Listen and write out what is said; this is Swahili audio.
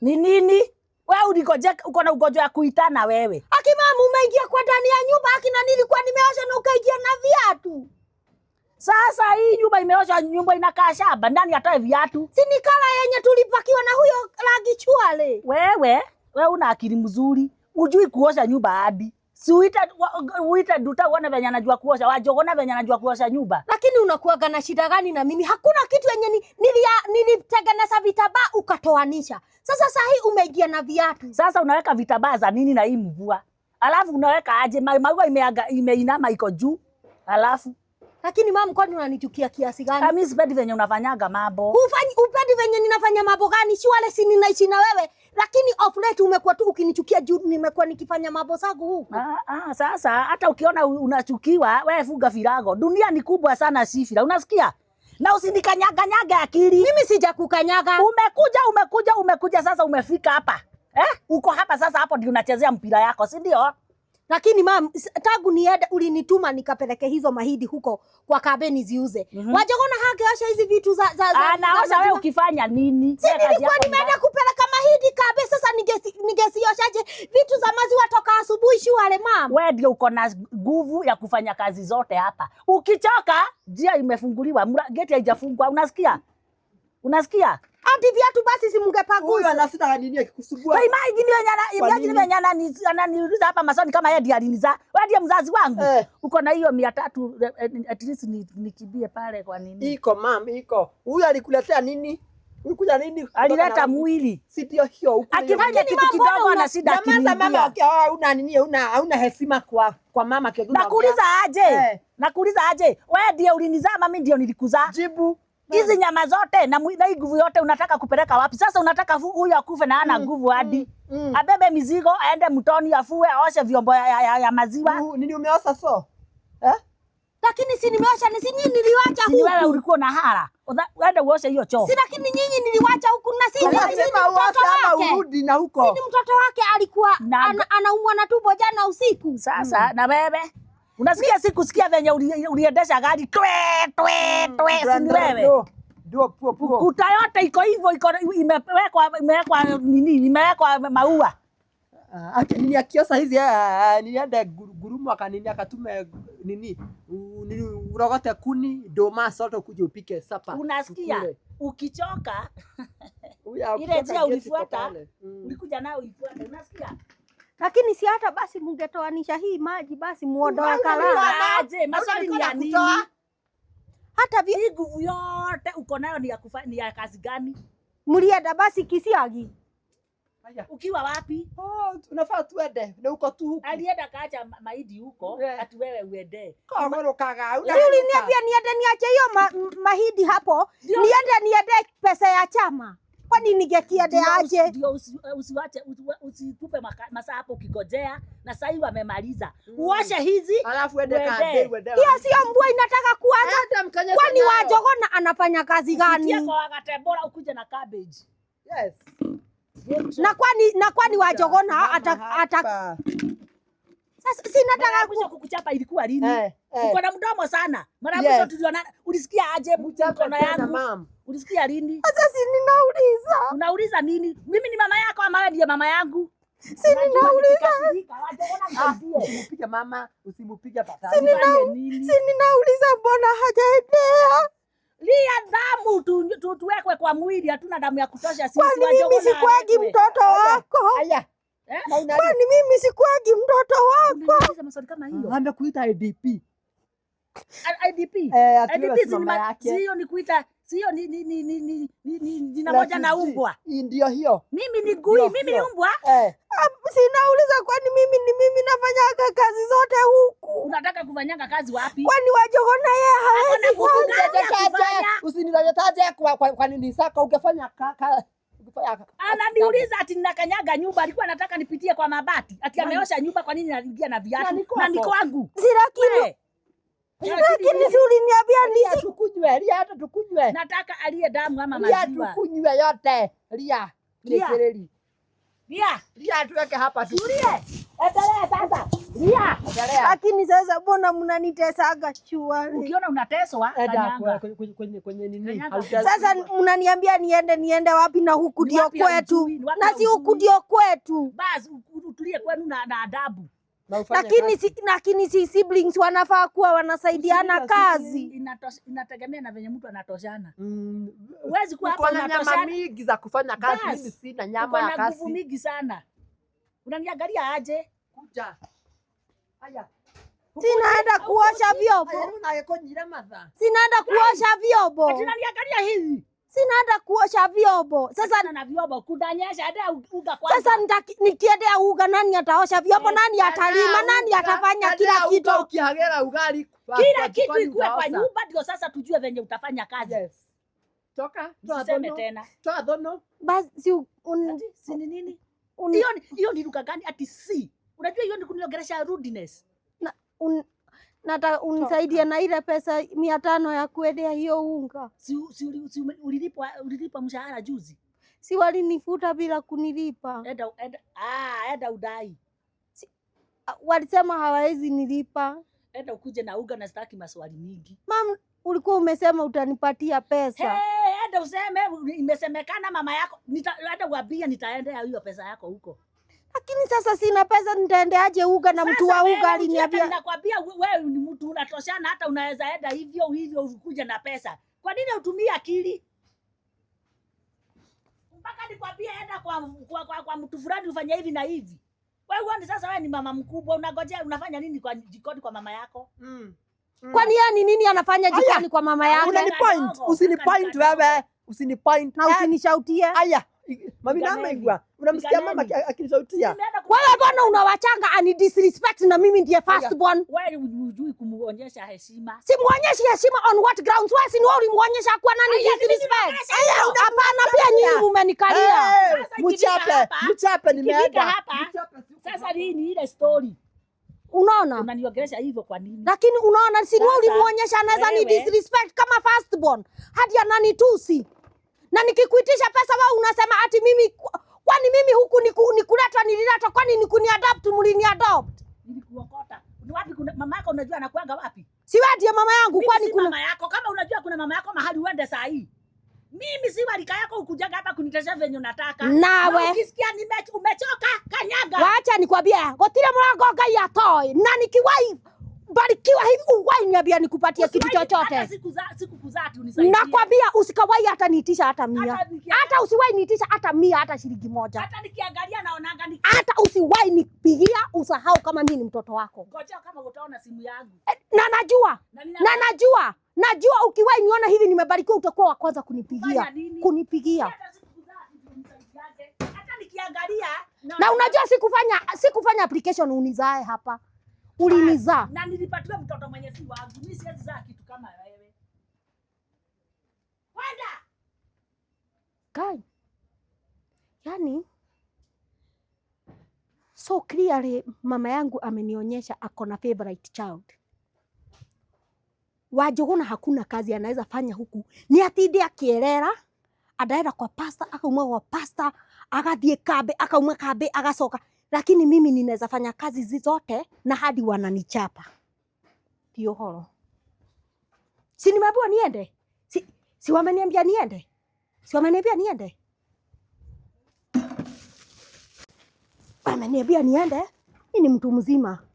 Ni nini? Wewe ulikoje uko na ugonjwa ya kuitana wewe. Akimama umeingia kwa ndani ya nyumba akina kwa nimeosha na ukaingia na viatu. Sasa hii nyumba imeosha, nyumba inakaa shaba ndani hata viatu. Si ni kala yenye tulipakiwa na huyo Rangi Chwale. Wewe, wewe una akili mzuri. Ujui kuosha nyumba hadi. Si uita uita duta uone venye anajua kuosha, wajogona venye anajua kuosha nyumba. Lakini unakuwa gana shida gani na mimi? Hakuna kitu yenye nilia nilitengeneza vitaba ukatoanisha. Sasa sahi umeingia na viatu. Sasa unaweka vitaba za nini na hii mvua? Alafu unaweka aje maua imeaga imeinama iko juu. Alafu lakini mama, kwani unanichukia kiasi gani? Ah, mimi sipendi venye unafanyaga mambo. Ufanyi upendi venye ninafanya mambo gani? Si wale si ninaishi na wewe lakini off late umekuwa tu ukinichukia juu nimekuwa nikifanya mambo zangu huku. Ah, ah, sasa hata ukiona unachukiwa wewe funga virago. Dunia ni kubwa sana sifira. Unasikia? Na usinikanyaga nyaga akili. Mimi sija kukanyaga. Umekuja umekuja umekuja sasa umefika hapa. Eh? Uko hapa sasa hapo ndio unachezea mpira yako, si ndio? Lakini mam, tangu niende ulinituma nikapeleke hizo mahidi huko kwa kabeni ziuze. Mm -hmm. Wajogona hake osha hizi vitu za za za. Anaosha wewe ukifanya nini? Si nilikuwa nimeenda kupeleka zaidi kabisa. Sasa ningesioshaje vitu za maziwa toka asubuhi shiwale? Mama wewe ndio uko na nguvu ya kufanya kazi zote hapa. Ukichoka njia imefunguliwa, geti haijafungwa. Unasikia? Unasikia? Hadi viatu basi simungepanguza. ananiuliza hapa maswali kama yeye ndiye Wewe ndiye mzazi wangu. Eh. Uko na hiyo eh, eh, at least nikibie pale kwa nini? Iko mam, iko. Huyu alikuletea nini? Ulikuja nini? Alileta mwili. Si ndio hiyo. Akifanya kitu kidogo ana shida kidogo. Mama mama okay, oh, una nini, una una heshima kwa kwa mama kidogo. Nakuuliza aje? Eh. Nakuuliza aje? Wewe ndio ulinizaa, mimi ndio nilikuzaa. Jibu. Hizi hmm. nyama zote na na nguvu yote unataka kupeleka wapi? Sasa unataka huyu akufe na ana mm, nguvu mm, hadi. Mm. Abebe mizigo aende mtoni afue aoshe vyombo ya, ya, ya, ya maziwa. Uh, nini umeosa so? Eh? Lakini si nimeosha ni si nini niliwacha Si Wewe ulikuwa na hara. Uende uoshe hiyo choo. Si lakini nyinyi Acha huku na sisi. ama urudi na huko. Si mtoto wake alikuwa anaumwa na tumbo jana usiku. Sasa mm. na wewe unasikia siku sikia venye uliendesha gari twe twe mm. twe, si wewe kuta yote iko hivyo, iko imewekwa imewekwa nini, imewekwa maua ah, nini akiosa hizi ah, ah, nini, ende gurumu akanini akatume nini urogote kuni doma soto kuja upike sapa. Unasikia? Ukichoka ile njia ulifuata mm. ulikuja nayo ifuate. Unasikia? Lakini si hata basi mungetoanisha hii maji basi muondoe karanga. Aje, maswali ni ya nini? Hata vi nguvu yote uko nayo ni ya kazi gani? Mulienda basi Kisiagi. Ukiwa wapi? Oh, tunafaa tuende. Na uko tu huko. Alienda kaacha mahindi huko, yeah. Ati wewe uende. Kama unakaa. Uliniambia niende niache hiyo ma, mahindi hapo. Niende niende pesa ya chama. Kwani ningekiende aje? Ndio eh, usiwache usitupe masaa hapo ukigojea na sasa hivi wamemaliza. Mm. Uoshe hizi. Alafu ende kaende uende. Hiyo sio mvua inataka kuanza. Eh, Kwani wajogona anafanya kazi gani? Ukitia kwa wakati bora ukuje na cabbage. Yes na kwani na kwani wa jogona ata si nataka kuja kukuchapa ilikuwa lini? Eh, eh. Uko na mdomo sana. Mara mwisho Tuliona ulisikia aje mkono yangu? Ulisikia lini? Sasa si ninauliza. Unauliza nini? Mimi ni mama yako ama wewe ndiye mama yangu? Si ninauliza. Ah, Usipige mama, usimupige baba. Si ninauliza mbona hajaendea? lia damu tu, tu, tuwekwe kwa mwili. Hatuna damu ya kutosha sisi. Kwani mimi sikuagi mtoto wako? Haya. Eh? Kwani mimi sikuagi mtoto wako? Maswali kama hiyo ah, amekuita IDP, IDP IDP hiyo ni kuita sio ni ni ni ni ni ni jina moja na umbwa. Ndio hiyo. Mimi ni gui, mimi ni umbwa. Eh. Ah, sinauliza kwani mimi ni mimi nafanyaga kazi zote huku. Unataka kufanyaga kazi wapi? Kwani wajogona yeye hawezi kufanya. Usiniletaje kwa kwa nini saka ukafanya kaka Ananiuliza ati ninakanyaga nyumba, alikuwa anataka nipitie kwa mabati. Ati ameosha nyumba, kwa nini naingia na viatu? Na niko wangu. Sira kitu. Yaani Lakini yaani nisi tukunywe lia hata tukunywe. Nataka alie damu ama maziwa. tukunywe yote. Lia. Lia. Lia tuweke hapa tu. Endelea sasa. Lia. Endelea. Lakini sasa mbona mnanitesaga Ukiona unateswa kanyanga. Kwenye kwenye nini? Sasa mnaniambia niende niende wapi na huku ndio kwetu. Na si huku ndio kwetu. Basi utulie kwenu na adabu lakini si, lakini si siblings wanafaa kuwa wanasaidiana kazi. Inategemea na venye mtu anatoshana. Mm, Huwezi kuwa hapa na Nyama mingi za kufanya kazi, mimi sina nyama ya kazi. Kuna Nguvu mingi sana. Unaniangalia aje? Kuja. Haya. Sinaenda kuosha vyombo. Sinaenda kuosha vyombo. Unaniangalia hivi. Sina hata kuosha vyombo. Sasa na vyombo kudanyesha hata uga kwanza. Sasa nikiendea uga nani ataosha vyombo, eh, nani atalima, nani atafanya kila kitu. Ukihagera ugali. Kila kitu ikue kwa nyumba ndio sasa tujue venye utafanya kazi. Yes. Toka. Tuseme tena. Toa dono Basi un si nini? Hiyo hiyo ni lugha gani ati si? Unajua hiyo ni kuniongeresha rudeness. Na un Nata unisaidia na ile pesa mia tano ya kuendea hiyo unga. Si, si, si ulilipwa ulilipwa mshahara juzi? Si walinifuta bila kunilipa. Enda enda, ah, enda udai. Si, walisema hawawezi nilipa. Enda ukuje na unga na sitaki maswali mingi. Mam, ulikuwa umesema utanipatia pesa. Hey, enda useme imesemekana mama yako. Nita, enda uambie nitaendea hiyo pesa yako huko. Lakini sasa sina pesa, nitaendeaje uga na mtu wa uga aliniambia. Nakwambia wewe ni mtu unatoshana, hata unaweza enda hivyo hivyo ukuja na pesa. Kwa nini utumie akili? Mpaka nikwambie enda kwa kwa, kwa, kwa mtu fulani ufanye hivi na hivi. Wewe uone sasa, wewe ni mama mkubwa, unagojea unafanya nini kwa jikoni kwa mama yako? Mm. Mm. Kwani yani nini anafanya jikoni kwa mama yake? Usini point wewe, usini point Na eh, usinishautie. Aya. Mabinamegwa, unamsikia mama akinisautia. Wewe bwana unawachanga ani disrespect na mimi ndiye first born? Wewe unajui kumuonyesha heshima. si muonyeshi heshima on what grounds? Wewe si wewe ulimuonyesha kwa nani disrespect? Hapana, pia nyinyi mmenikalia Mchape, mchape nimeaga. Sasa hii ni ile story. Unaona? Unaniongelesha hivyo kwa nini? Lakini unaona si wewe ulimuonyesha anaweza ni disrespect kama first born. Hadi ananitusi na nikikuitisha pesa wewe unasema ati mimi, kwani mimi huku niku, nikuletwa nililetwa, kwani nikuniadopt mliniadopt? Nilikuokota. Ni wapi kuna mama yako unajua anakuanga wapi? Si wewe ndiye mama yangu kwani kuna mama yako kama unajua kuna mama yako mahali uende saa hii. Mimi si walika yako ukujaga hapa kunitesha venye unataka. Nawe. Ukisikia nimechoka kanyaga. Wacha nikwambie, gotire mlango ngai atoi. Na nikiwai barikiwa hivi uwai niambia nikupatia kitu chochote. Nakwambia usikawai hata niitisha hata mia, hata usiwai niitisha hata mia, hata shilingi moja, hata nikiangalia naonanga, hata usiwai nipigia, usahau kama mimi ni mtoto wako. Ngoja kama utaona simu yangu. Eh, na najua na najua najua, ukiwai niona hivi nimebarikiwa, utakuwa wa kwanza kunipigia kunipigia na unajua sikufanya sikufanya application unizae hapa ulinizaa na nilipatiwa mtoto mwenye si wangu. Mimi siwezi zaa kitu kama wewe. Kwenda kai, yani so clearly mama yangu amenionyesha ako na favorite child Wanjuguna. Hakuna kazi anaweza fanya huku, ni atinde akielera adaenda kwa pasta akauma kwa pasta agathie kambe akauma kambe agacoka lakini mimi ninaweza fanya kazi zizote zote na hadi wananichapa kiohoro. Si nimeambiwa niende? Si, si wameniambia niende? Si wameniambia niende? Wameniambia niende? Mimi ni mtu mzima.